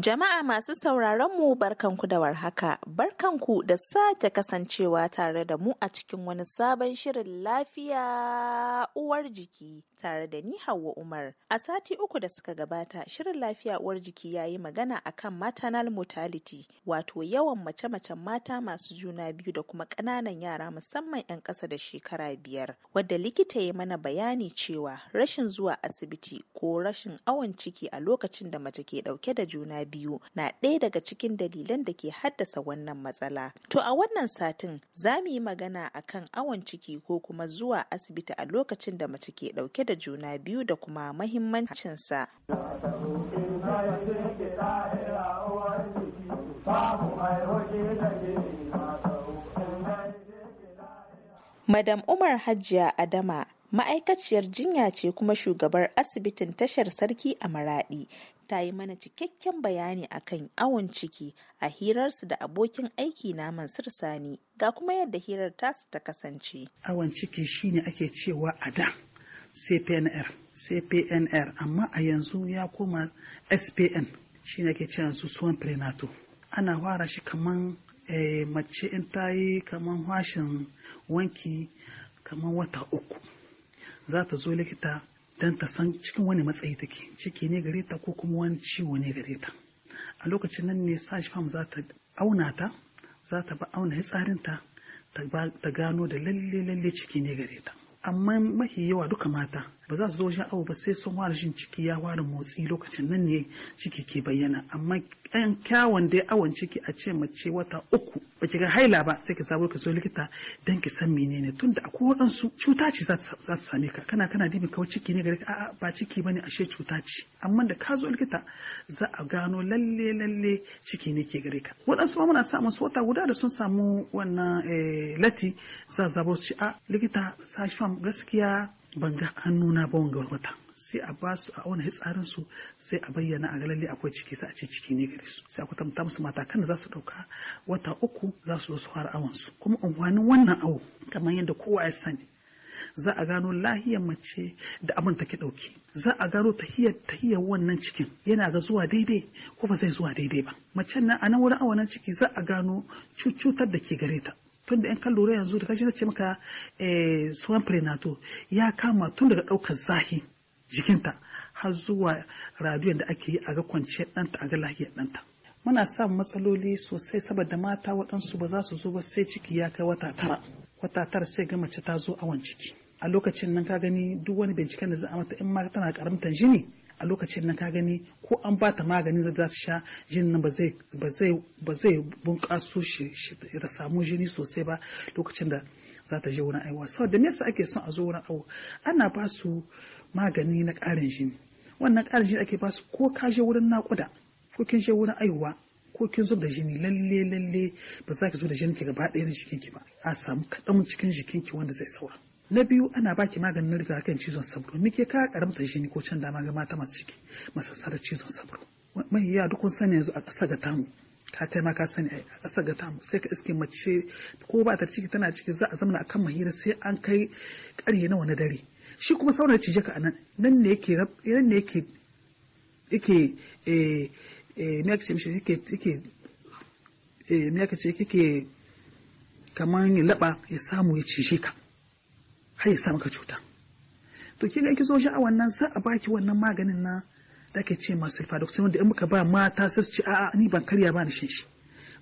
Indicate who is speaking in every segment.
Speaker 1: Jama'a masu sauraron mu barkanku da warhaka, barkanku da sake kasancewa tare da mu a cikin wani sabon shirin lafiya uwar jiki tare da ni Hauwa Umar. A sati uku da suka gabata, shirin lafiya uwar jiki ya yi magana akan maternal mortality, wato yawan mace-macen mata masu juna biyu da kuma ƙananan yara musamman 'yan ƙasa da shekara biyar, wadda likita ya mana bayani cewa rashin zuwa asibiti ko rashin awon ciki a lokacin da mace ke ɗauke da juna biyu na ɗaya daga cikin dalilan da ke haddasa wannan matsala. To a wannan satin za mu yi magana akan awon ciki ko kuma zuwa asibiti a lokacin da mace ke ɗauke da juna biyu da kuma mahimmancinsa. Madam Umar Hajiya Adama ma'aikaciyar jinya ce kuma shugabar asibitin tashar sarki a maradi ta yi mana cikakken bayani a kan awon ciki a hirarsu da abokin aiki na mansur sani ga kuma yadda hirar tasu ta kasance
Speaker 2: awon ciki shine ake cewa a da cpnr cpnr amma a yanzu ya koma spn shine ake cewa su suwan prenato ana fara shi kaman eh, mace in ta yi kaman washin wanki kaman wata uku za ta zo likita don ta san cikin wani matsayi take ciki ne gare ta ko kuma wani ciwo ne gare ta a lokacin nan ne sashi fam za ta auna ta za ta ba auna hitsarinta ta gano da lalle lalle ciki ne gare ta amma mafi yawa duka mata ba za su zo wajen abu ba sai sun fara jin ciki ya fara motsi lokacin nan ne ciki ke bayyana amma yan kyawun dai awon ciki a ce mace wata uku ba ki ga haila ba sai ka sabo ka so likita dan ki san menene tunda akwai waɗansu cuta ce za ta same ka kana kana dibi kawai ciki ne ga ka a'a ba ciki bane ashe cuta ce amma da ka zo likita za a gano lalle lalle ciki ne ke gare ka waɗansu ma muna samun su wata guda da sun samu wannan eh, lati za a zabo su ci a likita sashi gaskiya ban ga hannuna ba wanga wata sai a ba su a auna hitsarin su sai a bayyana a lalle akwai ciki sai a ce ciki ne gare su sai a kwatanta musu matakan da za su dauka wata uku za su zo su fara awon su kuma unguwanin wannan awo kamar yadda kowa ya sani za a gano lahiyar mace da abin take dauki za a gano tahiyar tahiyar wannan cikin yana ga zuwa daidai ko ba zai zuwa daidai ba macen nan a nan wurin awanan ciki za a gano cutar da ke gare ta tunda yan kan lura yanzu da kashi ta ce maka eh, suwan prenato ya kama tun daga daukar zahi jikinta har zuwa radiyon da ake yi a ga kwanciyar ɗanta a ga lafiyar ɗanta muna samun matsaloli sosai saboda mata waɗansu ba za su zo ba sai ciki ya kai wata tara wata tara sai ga mace ta zo awon ciki a lokacin nan ka gani duk wani binciken da za a mata in ma tana karamtar jini a lokacin nan ka gani ko an ba ta maganin da za ta sha jinin nan ba zai bunƙaso shi ta samu jini sosai ba lokacin da za ta je wurin aiwa saboda me yasa ake son a zo wurin awo ana ba su magani na ƙarin jini ne wannan ƙarin shi ake basu ko ka je wurin naƙuda ko kin je wurin aiwa ko kin zub da jini lalle lalle ba za ki zo da jini ki gaba ɗaya na ki ba a samu kaɗan cikin jikinki wanda zai saura na biyu ana baki maganin kan cizon sabro muke ka karamta jini ko can dama ga mata masu ciki masassar cizon sabro mai ya duk kun sani yanzu a ƙasa ga tamu ka kai ma ka sani a ƙasa ga tamu sai ka iske mace ko ba ta ciki tana ciki za a zamana akan mahira sai an kai ƙarye nawa na dare shi kuma sauran ya cije ka anan nan ne yake nan ne yake yake eh eh me yake mishi yake yake eh me yake ce yake kaman ya laba ya samu ya cije ka har ya samu ka cuta to kin ga kizo sha'awan wannan sa a baki wannan maganin na da ke ce masu sulfadoxin wanda in muka ba mata sai su ci a'a ni ban karya ba ni shi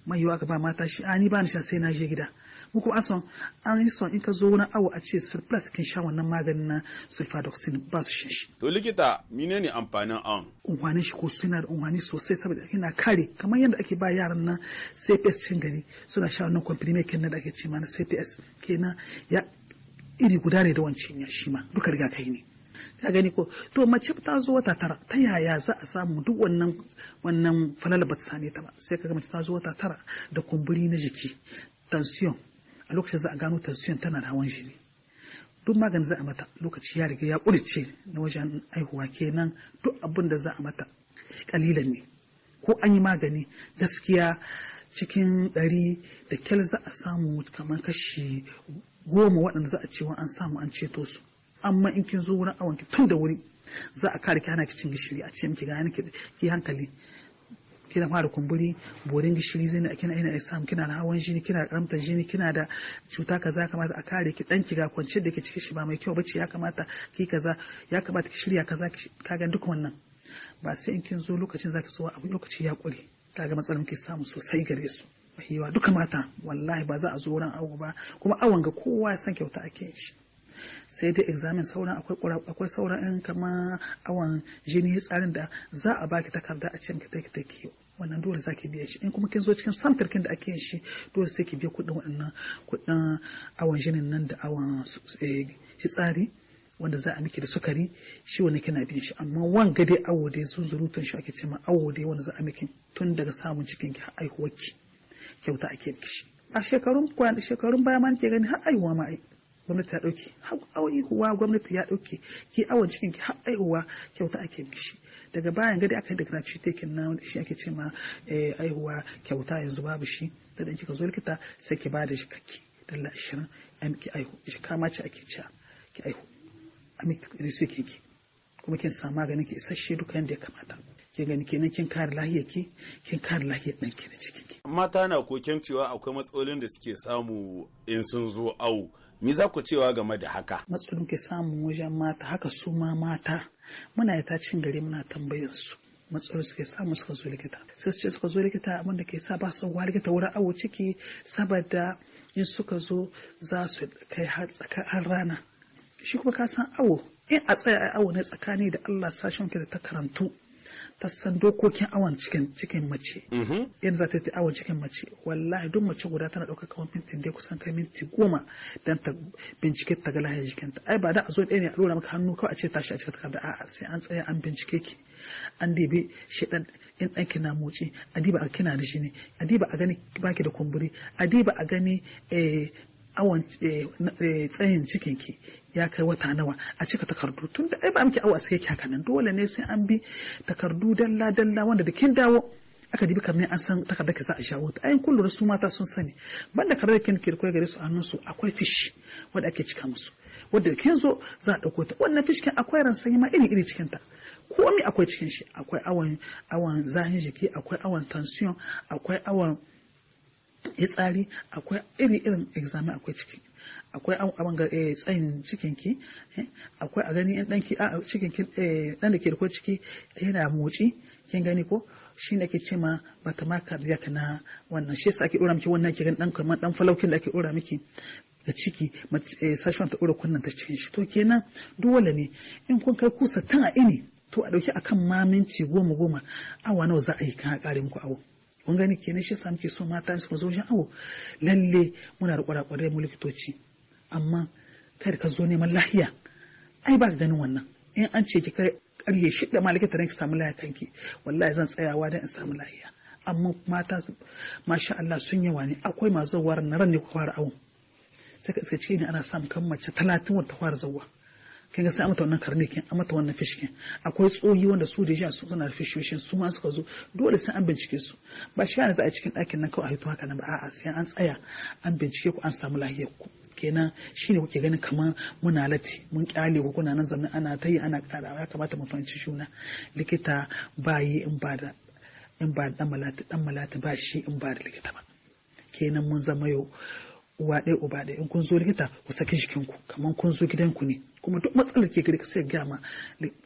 Speaker 2: mai yiwa ka ba mata shi a ni ba ni sai na je gida ko kuma asan an yi son in ka zo wani awa a ce surplus kin sha wannan maganin na sulfadoxin ba su shan shi. To likita ne amfanin an? Unhwanin shi ko suna da unhwani sosai saboda yana kare kamar yadda ake ba yaran na CPS cin gari suna sha wannan comprimate na da ake ce mana na CPS kenan ya iri guda ne da wancan ya shi ma duka rigakai ne. ka gani ko to mace ta zo wata tara ta yaya za a samu duk wannan wannan falala ba ta same ta ba sai ga mace ta zo wata tara da kumburi na jiki tension a lokacin za a gano taswiyan tana da hawan jini duk magani za a mata lokaci ya riga ya ƙurice na wajen aihuwa kenan duk abin da za a mata ƙalilan ne ko an yi magani gaskiya cikin ɗari da kyal za a samu kamar kashi goma waɗanda za a cewa an samu an ceto su amma in kin zo wurin awon ki tun da wuri za a kare ki hana ki cin gishiri a ce miki ga ki hankali kina fara kumburi borin gishiri zai na kina ina exam kina da hawan jini kina da karamtar jini kina da cuta kaza kamata a kare ki danki ga kwanciyar da ke cikin shi ba mai kyau bace ya kamata ki kaza ya kamata ki shirya kaza ka ga duk wannan ba sai in kin zo lokacin zaki zo a lokaci ya kure kaga matsalar ki samu sosai gare su mahiwa duka mata wallahi ba za a zo wurin awo ba kuma awon ga kowa ya san kyauta ake yin shi sai dai examin sauran akwai akwai sauran yan kama awan jini tsarin da za a baki takarda a cikin ki ta kiyo wannan dole zaki biya shi in kuma kin zo cikin samtarkin da ake yin shi dole sai ki biya kuɗin wannan kuɗin awan jinin nan da awan fitsari eh, wanda za a miki da sukari shi wani kina bin shi amma wan gade awo dai zurutun shi ake cewa awo dai wanda za a miki tun daga samun cikin ki haihuwarki ki kyauta ake miki shi a shekarun shekarun baya ma nake gani har aiwa ma ai gwamnati ta dauke har huwa gwamnati ya dauke ki awon cikin ki har aihuwa kyauta ake mishi daga bayan gadi aka yi da gratuity na wanda shi ake ce ma eh, aihuwa kyauta yanzu babu shi da dan kika zo likita sai ki bada kake dalla 20 an ki aihu shi kama ce ake cewa ki aihu amin ki ki kuma kin samu maganin ki isasshe duka yanda ya kamata kin gani kenan kin kare lafiyar ki kin kare lahiyar ɗanki da cikin ki mata na koken cewa akwai matsalolin da suke samu in sun zo awo Me za ku cewa game da haka? Matsalolin ke samun wajen mata haka su ma mata muna ta cin gari muna tambayar su. matsalolin suke samu suka zo likita sai su ce suka zo likita abin da ke sa ba su wa likita wurin awo ciki saboda in suka zo za su kai har tsakar rana shi kuma ka san awo in a tsaya awo ne tsakani da Allah sashen da ta karantu ta san dokokin awon cikin cikin mace mm-hmm. Yan za ta yi awon cikin mace wallahi duk mace guda tana ɗaukar kawon minti dai kusan kai minti goma don ta bincike ta ga lahiyar jikinta ai ba da a zo ɗaya ne a lura maka hannu kawai a ce tashi a cikin takarda a'a sai an tsaya an bincike ki an dibe shi ɗan in ɗan na motsi a diba a kina da shi ne a diba a gani baki da kumburi a diba a gani eh, awon eh, eh, tsayin cikinki ya kai wata nawa a cika takardu tun da ai ba miki awa sai yake haka nan dole ne sai an bi takardu dalla dalla wanda da kin dawo aka dibi kamar an san takardar ka za a shawo ta ayin kullum su mata sun sani banda karar kin ki koyar gare su hannun su akwai fish wanda ake cika musu wanda kin zo za a dauko ta wannan fish kin akwai ran sanyi ma iri iri cikin ta komai akwai cikin shi akwai awan awan zahin jiki akwai awan tension akwai awan fitsari akwai iri-irin examen akwai ciki akwai abin ga eh, tsayin cikinki eh, akwai a gani ɗanki cikinki eh, ɗan da ke rikon ciki yana motsi kin gani ko shi ne ake cema bata ma cardiac na wannan shi yasa ake ɗora miki wannan ke ɗan kamar ɗan falaukin da ake ɗora miki da ciki sashen ta ɗora kunnen ta cikin shi to kenan dole ne in kun kai kusa tan a ini to a ɗauki akan ma minti goma goma awa nawa za a yi kan a ƙare muku awo kun gani kenan shi yasa muke so mata su zo wajen awo lalle muna da kwarakwarai mu likitoci amma kai da ka zo neman lahiya ai ba ganin wannan in an ce ki kai karye shi da ma likita ki samu lahiya kanki wallahi zan tsayawa dan in samu lahiya amma mata masha Allah sun yawa ne akwai masu zawar na ran ne ku fara awo sai ka iska cikin ne ana samu kan mace talatin wata fara zawa kin ga sai amata wannan karnikin amata wannan fishkin akwai tsohi wanda su da jiya suna da fishoshin su ma suka zo dole sai an bincike su ba shi kana za a cikin ɗakin nan kawai a hito haka nan ba a'a sai an tsaya an bincike ku an samu lahiyar ku kenan shine kuke ganin kamar muna lati mun kyale ku kuna nan zanne ana ta yi ana kara ya kamata mu fahimci juna likita ba yi in ba da in ba dan malati dan malati ba shi in ba da likita ba kenan mun zama yau uwa ɗaya uba ɗaya in kun zo likita ku saki ku kamar kun zo ku ne kuma duk matsalar ke gari ka sai gaya ma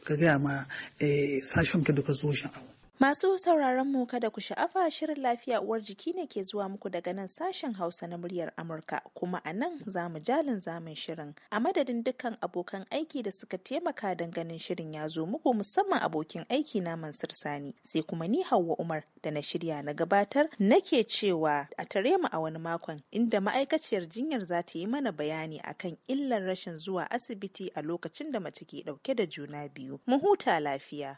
Speaker 2: ka gaya ma eh, sashen ka duka zo shan awo
Speaker 1: Masu sauraron mu kada ku sha'afa shirin lafiya uwar jiki ne ke zuwa muku daga nan sashen Hausa na muryar Amurka kuma a nan za mu jalin zamun shirin. A madadin dukkan abokan aiki da suka taimaka don ganin shirin ya zo muku musamman abokin aiki na Mansur Sani sai kuma ni Hauwa Umar da na shirya na gabatar nake cewa a tare mu a wani makon inda ma'aikaciyar jinyar za ta yi mana bayani akan illar rashin zuwa asibiti a lokacin da mace ke dauke da juna biyu. Mu huta lafiya.